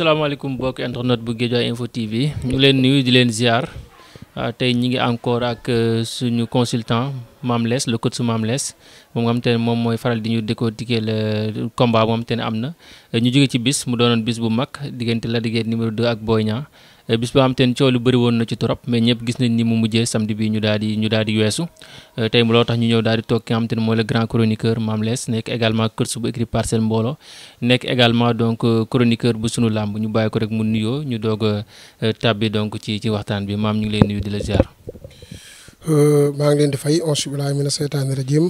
salaamaaleykum mbokk internet bu Guédiawaye info TV ñu ngi leen nuyu di leen ziar ah, tey ñi ngi encore ak euh, suñu consultant maam Less la coach su Mame Less moom nga xam te ne moom mooy faral di ñu décortiquer le combat moom te ne am na ñu jóge ci bis mu doonoon bis bu mag diggante la de numéro 2 ak booy Niang bis boo xam te ne bëri woon na ci trop mais ñëpp gis nañ ni mu mujjee samedi bi ñu daal di ñu daal di weesu euh, tey loo tax ñu ñëw daal di toog ki xam te ne mooy le grand chroniqueur Mame Less nekk également kër nekk également donc euh, chroniqueur bu sunu làmb ñu bàyyi ko rek mu nuyoo ñu doog a euh, tàbbi donc ci ci waxtaan bi maam ñu ngi lay nuyu di la ziar. maa ngi leen di fay auzu billaahi mina seytaani rajiim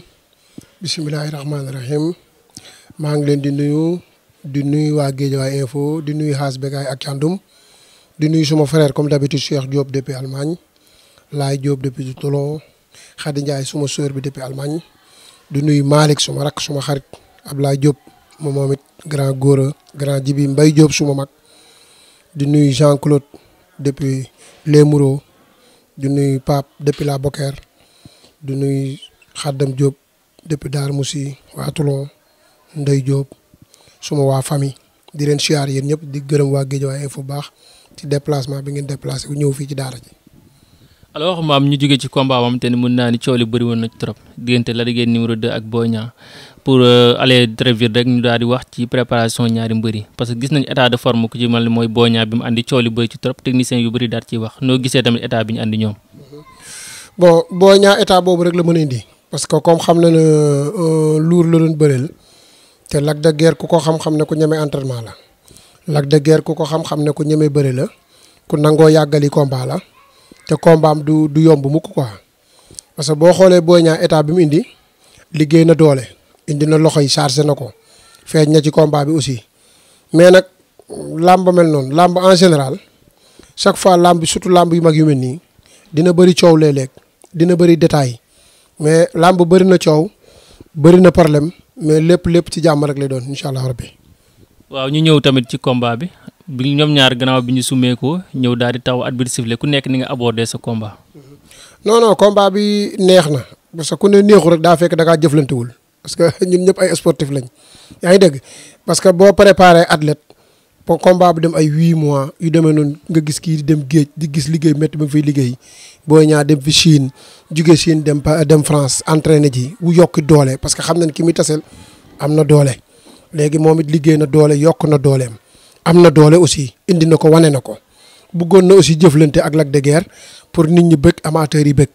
bismillaahi rahmaani rahiim maa ngi leen di nuyu di nuyu waa Guédiawaye info di nuyu xaas begaay ak càndum Je suis mon frère comme d'habitude Cheikh Diop depuis Allemagne Laay Diop depuis Toulon Khady de suma sœur depuis Allemagne de Malik, suma rak suma Diop grand gore, grand Djibi, Jean Claude depuis Les Mouraux. de nuit Pape depuis La Boker de nuit khaddam Diop depuis Darmoussi, Moussi Toulon Ndey Diop suma famille ci déplacement bi ngeen déplacé wu ñëw fii ci daara ji. alors maam ñu jógee ci combat boo xamante ni mën naa ni coow li bëri woon na ci trop diggante la de numéro 2 ak boña Niang pour euh, aller très vite rek ñu daal di wax ci préparation ñaari mbëri parce que gis nañ état de forme ku ci mel ni mooy Boy bi mu andi coow li bëri ci trop technicien yu bëri daal ci wax noo gisee tamit état bi ñu andi ñoom. bon boña état boobu rek la mën indi parce que comme xam na ne euh, luur la doon bëreel te Lac de guerre ku ko xam-xam ne ku ñeme entraînement la lak de guerre ku ko xam-xam ne ku ñeme bëri la ku nango yagali combat la te combat am du du yomb mukk quoi parce que bo xolé boña état bi mu indi liggéey na doole indi na loxoy charger nako na na ci combat bi aussi mais nak lamb mel non lamb en général chaque fois lamb surtout lamb yu mag yu melni dina bari ciow lelek dina bari détail mais lamb bari na ciow bari na problème mais lépp lépp ci jamm rek lay doon inshallah rabbi waaw ñu ñëw tamit ci combat bi bi ñoom ñaar gannaaw bi ñu sumee ko ñëw daal di taw at bi ku nekk ni nga abordé sa combat mm-hmm. non non combat bi na parce que ku ne neexu rek daa fekk da ngaa jëflantewul parce que ñun ñëpp ay sportif lañ yaa ngi dégg parce que boo préparé athlète pour combat bi dem ay huit mois yu demee noonu nga gis kii dem géej di gis liggéey métti ba fay liggéey booy ñaa dem fi Chine jugee Chine dem dem France entraîné ji bu yokki doole parce que xam nañ ki muy tasel am na legi momit liggey na doole yok na dooleem am na doole aussi indi nako wané wane bëggon na aussi jëflante ak Lac de guerre pour nit ñi bëkk amateur yi bëkk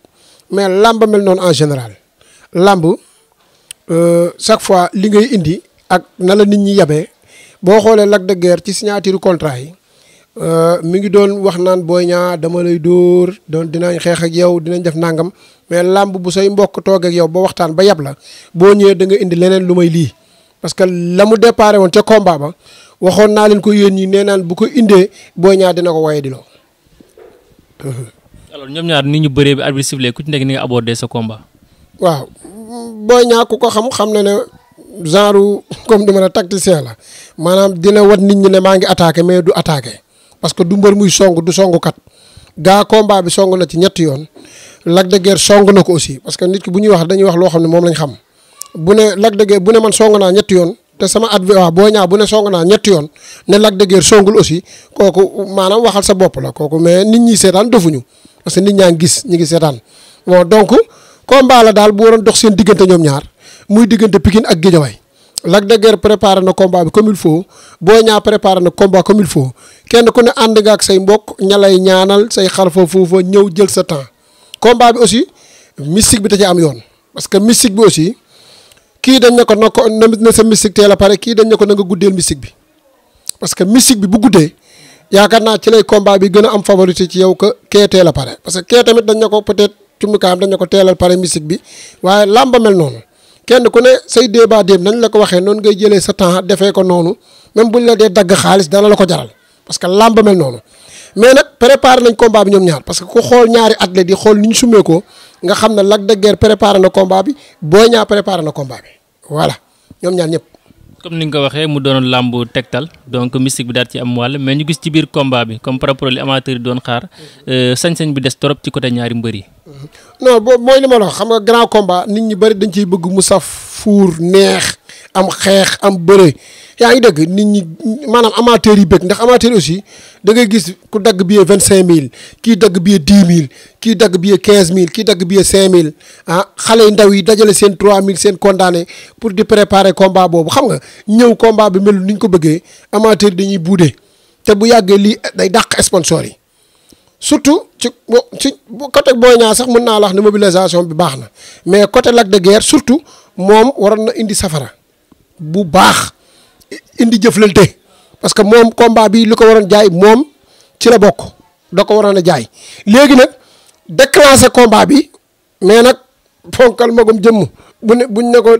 mais lamb mel non en général euh chaque fois li ngay indi ak na la nit ñi yabé bo xolé Lac de guerre ci signature contrat yi euh, mi ngi doon wax naan Boy Niang dama lay door doon dinañ xex ak yow dinañ def nangam mais lamb bu say mbokk toog ak yow ba waxtaan ba yab la bo ñëw da nga indi leneen lu may parce que la mu déparé woon ca combat ba waxoon naa leen ko yéen ñi nee naan bu ko indee Boy ñaar dina ko waaye di loo. ñoom ñaar ni ñu bëree bi arbitre sifflé ku ci nekk nii nga abordé sa combat. waaw Boy ñaar ku ko xam xam na ne genre comme di ma la tacticien la maanaam dina wat nit ñi ne maa ngi attaqué mais du attaqué parce que du mbër muy song du songu kat. gaa combat bi song na ci ñetti yoon Lac de Guiers song na ko aussi parce que nit ki bu ñuy wax dañuy wax loo xam ne moom lañ xam bu ne Lac de bu ne man song naa ñetti yoon te sama at bi waaw boo ñaa bu ne song naa ñetti yoon ne Lac de Guiers songul aussi kooku maanaam waxal sa bopp la kooku mais nit ñi seetaan defuñu parce que nit ñaa ngi gis ñi ngi seetaan bon donc combat la daal bu waroon dox seen diggante ñoom ñaar muy diggante Pikine ak Guédiawaye Lac de Guiers préparé na combat bi comme il faut Boy Niang préparé na combat comme il faut kenn ku ne ànd nga ak say mbokk ña lay ñaanal say xarfa foofa ñëw jël sa temps combat bi aussi mystique bi da ci am yoon parce que mystique bi aussi kii dañ ne ko na ko na sa mystique teel a pare kii dañ ne ko na nga guddeel mystique bi parce que mystique bi bu guddee yaakaar naa ci lay combat bi gën a am favorité ci yow que kee teel a pare parce que kee tamit dañ ne ko peut-être cumbukaayam dañ ne ko teelal pare mystique bi waaye làmba mel noonu kenn ku ne say débat déem nañ la ko waxee noonu ngay jëlee sa temps defee ko noonu même buñ la dee dagg xaalis dana la ko jaral parce que làmba mel noonu mais nag préparé nañ combat bi ñoom ñaar parce que ku xool ñaari athlètes xool ni ñu sumee nga xam ne Lac de Guiers préparé na combat bi Boy Niang préparé na combat bi voilà ñoom ñaar ñëpp. comme ni nga waxee mu doonoon làmb tegtal donc mystique bi daal ci am wàll mais ñu gis ci biir combat bi comme par rapport yi doon xaar euh, sañ-sañ bi des trop ci côté ñaari mbër yi. non boobu mooy li ma la xam nga grand combat nit ñi bëri dañ ciy bëgg mu fuur neex. am xeex am bëre yaa ngi dëgg nit ñi maanaam amateurs yi bëgg ndax amateur yi aussi da gis ku dagg billet vingt cinq mille kii dagg billet dix mille kii dagg billet quinze mille kii dagg billet cinq mille ah xale yu ndaw yi dajale seen trois mille seen condamné pour di préparer komba boobu xam nga ñëw combat bi mel ni ñu ko bëggee amateur yi dañuy buudee te bu yàggee lii day dàq sponsor yi surtout ci ci côté Boy Niang sax mën naa la wax ne mobilisation bi baax mais côté Lac de surtout moom waroon na indi safara. bu baax indi jëflante parce que moom combat bi li ko waroon jaay moom ci la bokk da ko waroon a jaay léegi nag déclenché komba bi mais nag fonkal magum jëm bu ne buñ ne ko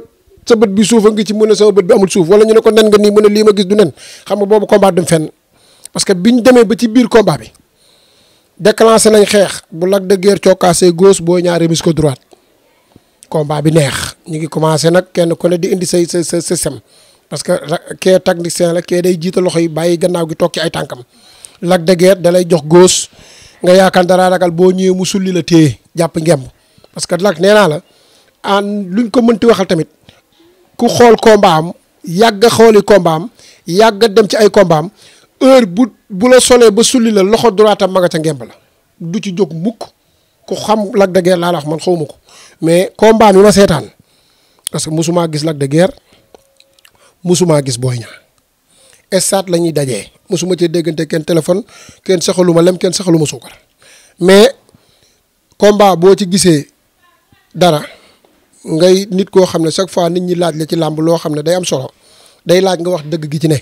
sa bët bi suuf a ngi ci mun ne sama bët bi amul suuf wala ñu ne ko nen nga nii mu ne lii ma gis du nen xam nga boobu combat dem fenn parce que biñ demee ba ci biir combat bi déclenché nañ xeex bu Lac de Guiers cookaasee gauche boo ñaaree mis ko droite combat bi neex ñi ngi commencé nak kenn ku ne di indi say say sa sem parce que kee technicien la kee day jiita loxoy bayyi gannaaw gi tokki ay tankam lak de guerre dalay jox góos nga yaakaar dara ragal bo ñëwee mu sulli la téye japp ngem parce que lak nee la an luñ ko ti waxal tamit ku xol combat am yag xoli combat am yag dem ci ay combat am heure bu bu la solé ba sulli la loxo droite am nga ca ngem la du ci jog mukk ku xam Lac de guerre la man xawma me mais combat mi ma sétane parce que musuma gis Lac de guerre musuma gis Boy estat lañuy dajé musuma ci dégënté kenn téléphone kenn saxaluma lem kenn saxaluma suukar mais combat bo ci gisé dara ngay nit ko xamné chaque fois nit ñi laaj la ci lamb lo xamné day am solo day laaj nga wax dëgg gi ci ne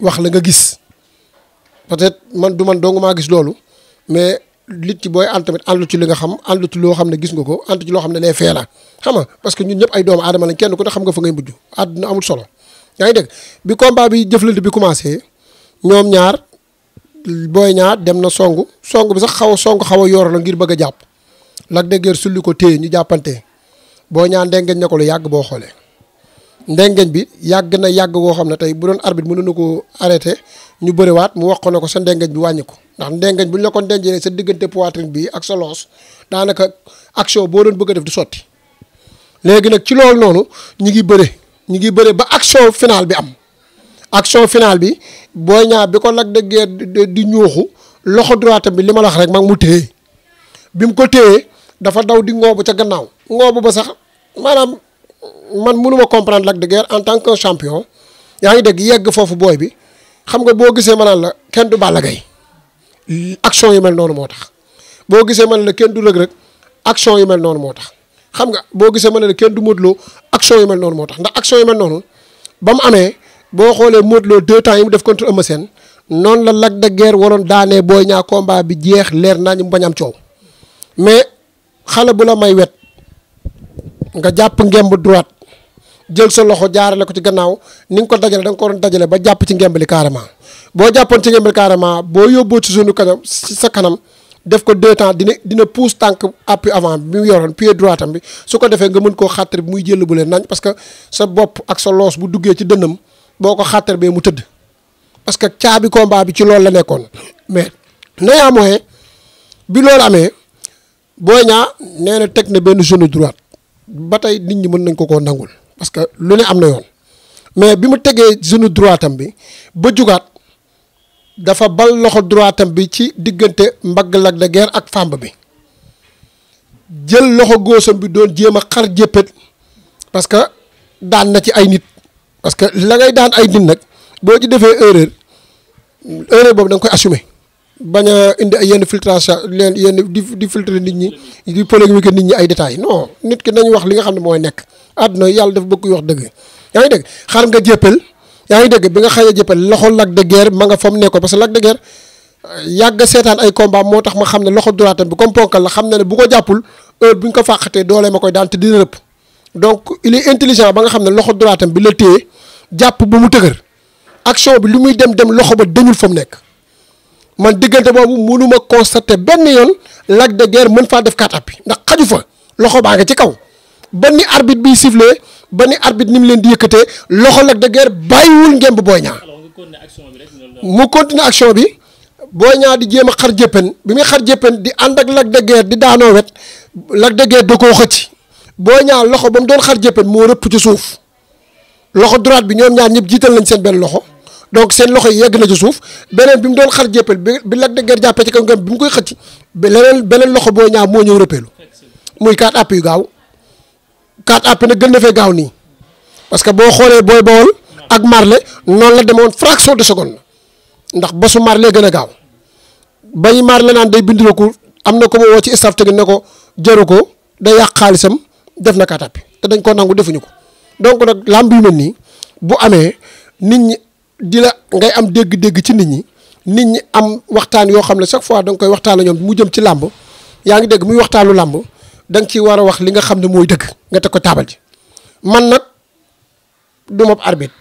wax la nga gis peut-être man du man dong gis lolu mais lit booy ànd tamit ànd ci li nga xam ànd ci loo xam ne gis nga ko ànd ci loo xam ne lee fee la xam nga parce que ñun ñëpp ay doomu aadama lañ kenn ku ne xam nga fa ngay mujj àdduna amul solo yaa ngi dégg bi combat bi jëflante bi commencé ñoom ñaar booy ñaar dem na song song bi sax xaw a xaw a yor la ngir bëgg a jàpp Lac de Guiers sulli ko téye ñu jàppante booy ñaar ndengeñ na ko lu yàgg boo xoolee ndengeñ bi yàgg na yàgg woo xam ne tey bu doon arbitre mënoon na ko arrêté ñu bëriwaat mu wax ko ne ko sa ndengeñ bi wàññi ko ndax ndengeñ bu ñu la ko ndenjee sa diggante poitrine bi ak sa loos daanaka action boo doon bëgg def du sotti léegi nag ci lool noonu ñu ngi bëre ñi ngi bëre ba action finale bi am action finale bi Boy ñaar bi ko Lac de di ñuuxu loxo droite bi li ma lax rek mag mu téye bi mu ko téye dafa daw di ngoobu ca gannaaw ngoobu ba sax man mënuma comprendre Lac de en tant que champion yaa ngi dégg yegg foofu booy bi xam nga boo gisee ma la kenn du Balla Gaye action yu mel noonu moo tax boo gisee ma ne kenn du Reug Reug action yu mel noonu moo tax xam nga boo gisee ma ne la kenn du Modou Lo action yu mel noonu moo tax ndax action yu mel noonu ba mu amee boo xoolee Modou Lo deux temps yi mu def contre a seen noonu la Lac de waroon daanee booy ñaa combat bi jeex leer naa ñu bañ am coow mais xale bu la may wet nga japp ngemb droit jël sa loxo jaarale ko ci gannaaw ni nga ko dajale dang ko don dajale ba japp ci ngemb li carrément bo jappon ci ngemb li carrément bo yobbo ci zone kanam ci sa kanam def ko 2 temps dina dina pousse tank appui avant bi yoron pied droit am bi su ko defé nga mën ko xàttar muy jël bu len nañ parce que sa bop ak sa loss bu duggé ci deunam boko ko be mu teud parce que caabi combat bi ci lool la nekkon mais nayaa mooy bi lool amé boo ñaa nee na teg na benn droite ba tey nit ñi mën nañ ko koo nangul parce que lu ne am na yoon mais bi mu tegee genou droitam bi ba jugaat dafa bal loxo droitam bi ci diggante mbagg Lac de Guiers ak fàmb bi jël loxo góosam bi doon jéem a xar jéppét parce que daan na ci ay nit parce que la ngay daan ay nit nag boo ci defee erreur erreur boobu da koy assumé baña indi ay yenn filtration len yenn di filtrer nit ñi di polémique ke nit ñi ay détails non nit ki nañ wax li nga xamne moy nek adna yalla yàlla dafa bëgg wax deug ya ngi deug xar nga jéppal ya ngi deug bi nga xaye jéppal loxo lak de guerre ma nga fam mu nekkoon parce que Lac de guerre yàgg sétane ay combat motax ma xamne loxo droite bi comme ponkal la xam bu ko jappul heure buñ ko fàqatee doolee makoy dal te dina rep donc il est intelligent ba nga xamne loxo droite bi le téye japp bu mu tëgër action bi lu muy dem dem loxo ba demul fam mu nekk man diggante boobu mënuma constater benn yoon Lac de Guiers mën faa def quatre appuis ndax xaju fa loxo baa ngi ci kaw ba ni arbitre biy sifflé ba ni arbitre ni mu leen di yëkkatee loxo Lac de Guiers bàyyiwul ngemb Boy Niang mu continuer action bi Boy Niang di jéem a xar jëppan bi muy xar jëppan di ànd ak Lac de di daanoo wet Lac de Guiers da xëcc Boy Niang loxo ba doon xar jëppan moo rëpp ci suuf loxo droite bi ñoom ñaar ñëpp jiital nañ seen benn loxo donc seen loxo yegg na ci suuf beneen bi mu doon xar jéppal bi bi Lac de Guiers jàppee ci kaw ngëm bi mu koy xëcc leneen beneen loxo boo ñaaw moo ñëw rëppeelu muy quatre appuis yu gaaw quatre appuis nag gën na fee gaaw nii parce que boo xoolee booy bawol ak marle noonu la demoon fraction de seconde ndax bosu marle gën a gaaw bañ marle naan day bind ko am na ko ma woo ci staff technique ne ko jaru ko day yàq xaalisam def na quatre appuis te dañ koo nangu defuñu ko donc nag làmb yu dila ngay am deg deg ci nit ñi nit ñi am waxtaan yo xamne chaque fois dang koy waxtaan ñom mu jëm ci lamb yaa ngi dégg muy waxtaanu lamb dang ci wara wax li nga xamne moy mooy nga teg ko taabal ji man nak duma arbitre.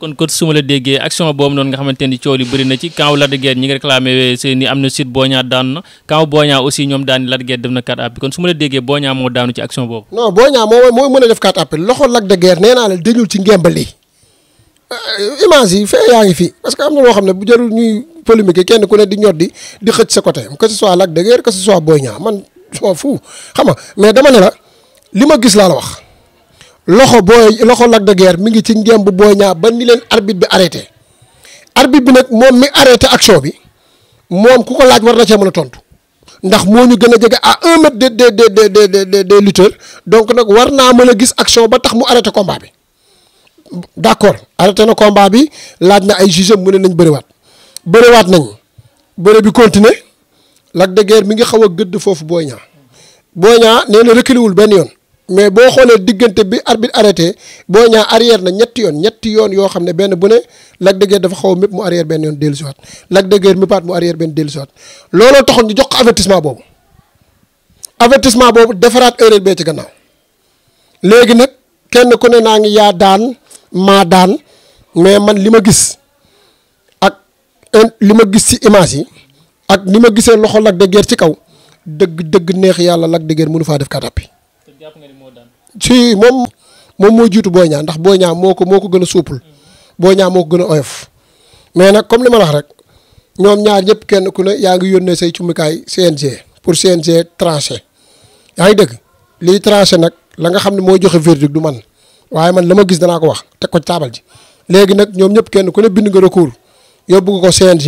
kon euh, kot la déggee action bobu non nga xamanteni ni coow na ci kaw la de ñi réclamer réclamé ni amna am site Boña dan kaw Boña aussi ñom dan la de Guiers def na 4 appels kon suma la déggee Boña mo danu ci action bobu non Boña mo mo meuna def 4 appels loxo Lac de Guiers la dañul ci ngembali Euh, image yi fee yaa ngi fi parce que am na loo xam ne bu jarul ñuy polémique kenn ku ne di ñor di di xëcc sa côté que ce soit Lac de Guiers que ce soit Boy Niang man sama xam na mais dama ne la li ma gis laa la wax loxo booy loxo Lac de mi ngi ci ngemb Boy Niang ba ni leen arbitre bi arrêté arbitre bi nag moom mi arrêté action bi moom ko laaj war na cee mën a tontu ndax moo ñu gën a jege à un mètre de de de de nag war naa mën a gis action ba tax mu arrêté combat bi. d' accord na combat bi laaj na ay juge mu ne nañ bëriwaat bëriwaat nañ bëri bi continuer Lac de mi ngi xaw a gëdd foofu booy Niang Boy Niang nee na reculé benn yoon mais boo xoolee diggante bi arbitre arrêté Boy Niang arrière na ñetti yoon ñetti yoon yoo xam ne benn bu ne Lac de Guiers dafa xaw a mépp mu arrière benn yoon dellusiwaat Lac de Guiers méppaat mu arrière benn dellusiwaat looloo taxoon ñu jox ko avertissement boobu avertissement boobu defaraat erreur bee ci nag kenn ku naa ngi yaa daan maa daan mais man li ma gis ak li ma gis ci image yi ak li ma gisee loxo Lac de Guiers ci kaw dëgg dëgg neex yàlla Lac de Guiers mënu faa def kàtappi. jàpp nga moo daan. si moom moom moo jiitu Boy Niang ndax Boy Niang moo ko moo ko gën a suupul Boy Niang moo ko gën a oyof mais nag comme li ma la rek ñoom ñaar ñëpp kenn ku ne yaa ngi yónnee say cumbukaay CNG pour CNG tranché yaa ngi dëgg liy tranché nag la nga xam ne mooy joxe verdict du man. waaye man la ma gis danaa ko wax te ko taabal ji léegi nag ñoom ñëpp kenn ku ne bind nga recours yóbbu nga ko CNG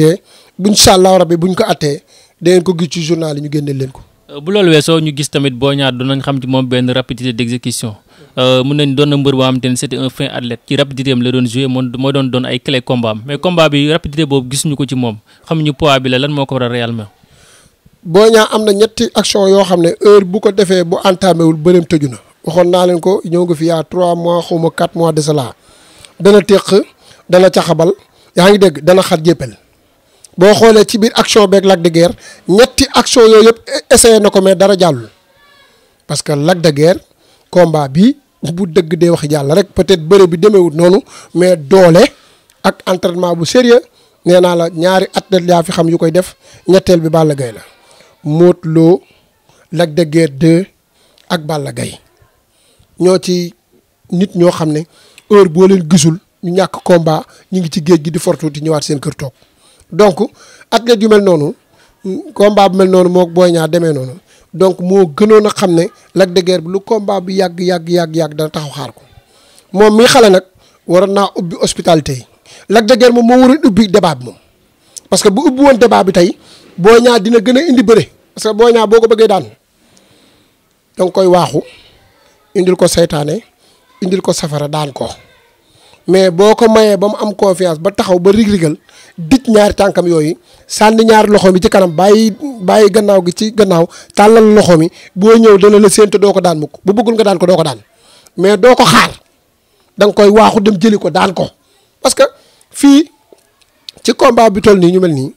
incha allahu rabi buñ ko attee dangeen ko gis ci journal yi ñu génneel leen ko. Euh, bu loolu weesoo ñu gis tamit Boy ñaar doon nañ xam ci moom benn rapidité d'exécution euh, mun nañ doon na mbër boo xamante ne c'était fin athlète ci rapidité am la doon joué moom moo doon doon ay clé combat am mais combat bi rapidité boobu gisuñu ko ci moom xamuñu poids bi la lan moo ko war a réellement. Boy Niang am na ñetti action yoo xam ne heure bu ko defee bu entamé wul bëreem tëju na waxoon naa leen ko ñëw nga fi yaa trois mois xawma ma quatre mois de cela dana téq dana caxabal yaa ngi dégg dana xat jéppal boo xoolee ci biir action beeg Lac de ñetti action yooyu yëpp essayé na ko mais dara jàllul parce que Lac de Guiers bi bu dëgg dee wax jàll rek peut-être bëre bi demeewut noonu mais doole ak entretement bu sérieux nee naa la ñaari athlètes yaa fi xam yu koy def ñetteel bi Balla gay la Modou Lo Lac de ak Balla Gaye ñoo ci nit ñoo xam ne heure boo leen gisul ñu ñàkk combat ñu ngi ci géej gi di fortuuti ñëwaat seen kër toog donc athlète yu mel noonu combat bu mel noonu moo booy ñaa demee noonu donc moo gënoon a xam ne Lac de bi lu combat bi yàgg yàgg yàgg yàgg dana taxaw xaar ko moom mi xale nag waroon naa ubbi hospitalité yi Lac de moom moo waroon ubbi débat bi moom. parce que bu ubbi woon débat bi tey booy ñaa dina gën a indi bëre parce que booy ñaa boo ko bëggee daan danga koy waaxu. indil ko seytaane indil ko safara daan ko mais boo ko mayee ba mu am confiance ba taxaw ba rig-rigal dij ñaari tànkam yooyu sànni ñaari loxo yi ci kanam bàyyi bàyyi gannaaw gi ci gannaaw tàllal loxoom mi boo ñëw dana la séentu doo ko daan mukk bu bëggul nga daan ko doo ko daan mais doo ko xaar danga koy waaxu dem jëli ko daan ko parce que fii ci combat bi toll nii ñu mel nii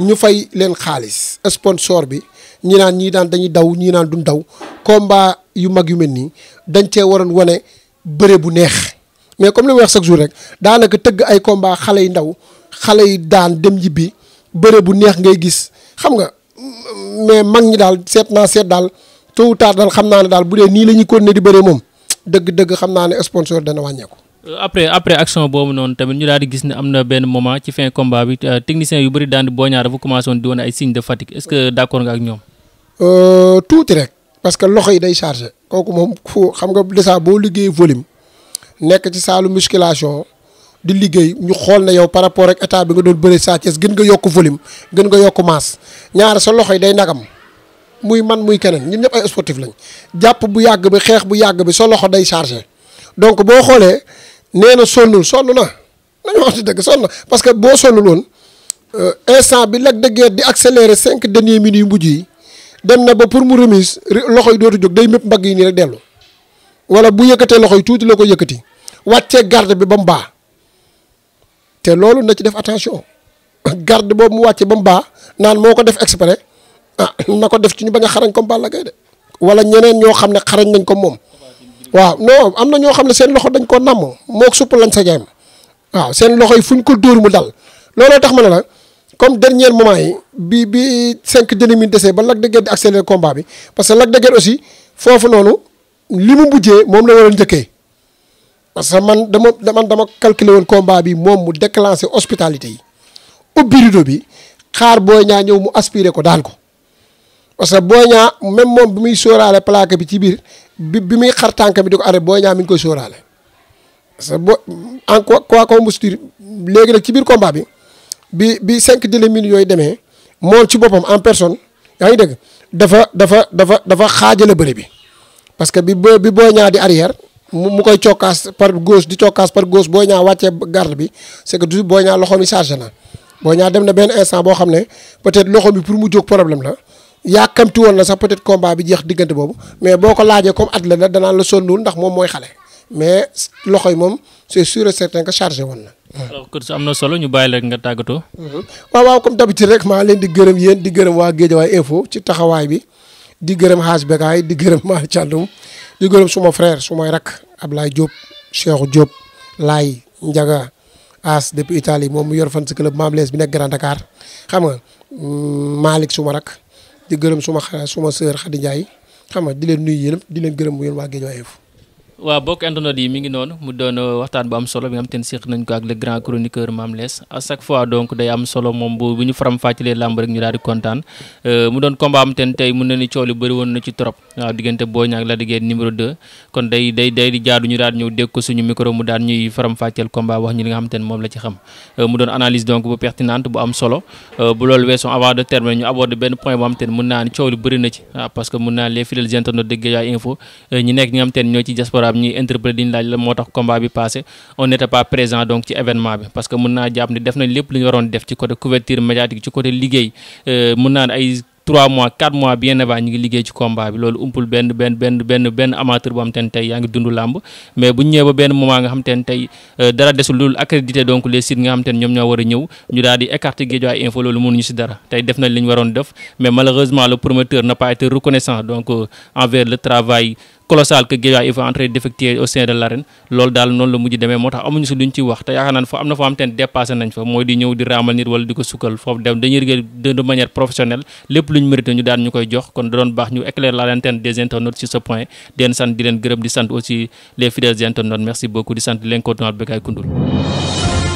ñu fay leen xaalis sponsor bi ñi naan ñi daan dañuy daw ñi naan duñ daw combat yu mag yu mel nii dañ cee waroon wane bëre bu neex mais comme li wax chaque jour rek daanaka tëgg ay combat xale yu ndaw xale yi daan dem yibbi bëre bu neex ngay gis xam nga mais mag ñi daal seet naa seet daal tôt ou tard daal xam naa ne daal bu dee nii la ñuy continuer di bëree moom dëgg-dëgg xam naa ne sponsor dana wàññeeku. Euh, après après action boobu noonu tamit ñu daal di gis ne am na benn moment ci fin combat bi euh, technicien yu bëri daan di booñaar bu commencé woon di wane ay signe de fatigue est ce que d' accord nga ak ñoom. Euh, tuuti rek parce que loxo yi day chargé kooku moom foo xam nga déjà boo liggéey volume nekk ci saalu musculation di liggéey ñu xool na yow par rapport ak état bi nga doon bëri Sa Thiès gën nga yokk volume gën nga yokk masse ñaar sa loxo yi day nagam muy man muy keneen ñun ñëpp ay sportif lañ jàpp bu yàgg bi xeex bu yàgg bi sa loxo day chargé donc boo xoolee nee na sonnul sonn na nañu wax ci dëgg sonn na parce que boo sonnul woon euh, instant bi Lac de Guiers di accélérer cinq derniers minutes yu mujj yi dem na ba pour mu remise loxo yi dootu jóg day mépp mbagg yi nii rek dellu wala bu yëkkatee loxo yi tuuti la ko yëkkati wàccee garde bi ba mu baax te loolu na ci def attention garde boobu mu wàccee ba mu baax naan moo ko def exprès ah na ko def ci ñu bañ a xarañ comme Balla Gaye de wala ñeneen ñoo xam ne xarañ nañ ko moom waaw non am na ñoo xam ne seen loxo dañ koo namm moo suppa lañ sa jaay ma waaw seen loxo yi fu ñu ko dóor mu dal looloo tax ma ne la comme dernier moment yi bi bi cinq demi minutes desee ba Lac de Guiers di accélérer combat bi parce que Lac de Guiers aussi foofu noonu li mu mujjee moom la waroon njëkkee parce que man dama man dama calculer woon combat bi moom mu déclenché hospitalité yi ubbi rideau bi xaar Boy ñaa ñëw mu aspiré ko daal ko parce que Boy Niang même moom bi muy sóoraale plaque bi ci biir bi bi muy xar tànk bi di ko arrêté Boy Niang mi ngi koy sóoraale parce que boo en quoi léegi nag ci biir combat bi. bi bi cinq dërëmi yooyu demee mool ci boppam en personne yaa ngi dégg dafa dafa dafa dafa xaajale bëri bi parce que bi boo bi boo ñaa di arrière mu koy cokkaas par gauche di cokkaas par gauche booy ñaa wàcce garde bi c'est que du boo ñaa loxoom yi chargé na boo ñaa dem na benn instant boo xam ne peut-être loxo bi pour mu jóg problème la yàkkamti woon na sax peut-être combat bi jeex diggante boobu mais boo ko laajee comme at la la danaan la sonnul ndax moom mooy xale mais loxo yi moom c'est sûr et certain que woon na alors kër su am na solo ñu bàyyi rek nga tàggatoo. Hmm. waaw waaw comme d'habitude rek maa leen di gërëm yéen di gërëm waa Guédiawaye info ci taxawaay bi di gërëm xaas bekaay di gërëm maa càndum di gërëm suma frère sumay rak Ablaye Diop Cheikhou Diop Laye Ndiaga As depuis Italie moom mu yor fan si club Mame Less bi nekk Grand Dakar xam nga hmm, Malick suma rak di gërëm suma suma sœur Khady Ndiaye xam nga di leen nuyu yéen di leen gërëm yéen waa Guédiawaye info waaw bokk internet yi mi ngi noonu mu doon euh, waxtaan bu am solo bi nga xam te ne seq ko ak le grand chroniqueur Mame Less à chaque fois donc day am solo moom bu ñu faram fàccelee làmb euh, ak Lac de numéro 2 kon day day jaadu ñu daal ñëw dégg ko suñu micro mu daal ñuy faram fàcceel combat wax ñu li nga xam te moom la ci xam euh, mu doon analyse donc bu pertinente bu am solo bu loolu weesoo avant de terminer ñu aborder benn point boo xam te mun naa Arab ñuy interpellé laaj la moo tax combat bi passé on n'était pas présent donc ci événement bi parce que mën naa jàpp ni def nañ lépp li ñu waroon def ci côté couverture médiatique ci côté liggéey euh, mën naa ay trois mois quatre mois bien avant ñu ngi liggéey ci combat bi loolu umpul benn benn benn benn benn amateur bu am te ne tey yaa ngi dund làmb mais bu ñu ñëwee ba benn moment nga xam te tey euh, dara desul loolu accrédité donc les sites nga xam te ne ñoom ñoo war a ñëw ñu daal di écarter Guédiawaye info loolu mënuñu si dara tey def nañ li ñu waroon def mais malheureusement le promoteur n'a pas été reconnaissant donc euh, envers le travail colossal que Guédiawaye il faut entrer d'effectuer au sein de l'arène daal noonu la mujj demee moo tax amuñu si luñ ci wax te yaakaar naan fa am na foo am teen dépassé nañ fa mooy di ñëw di raamal nit wala di ko sukkal foofu dem dañuy liggéey de manière professionnelle lépp luñ mérité ñu daan ñu koy jox kon da doon baax ñu éclairer la lanterne des internautes sur ce point di sant di leen gërëm di sant aussi les fidèles internautes merci beaucoup di sant l'incontournable Bécaye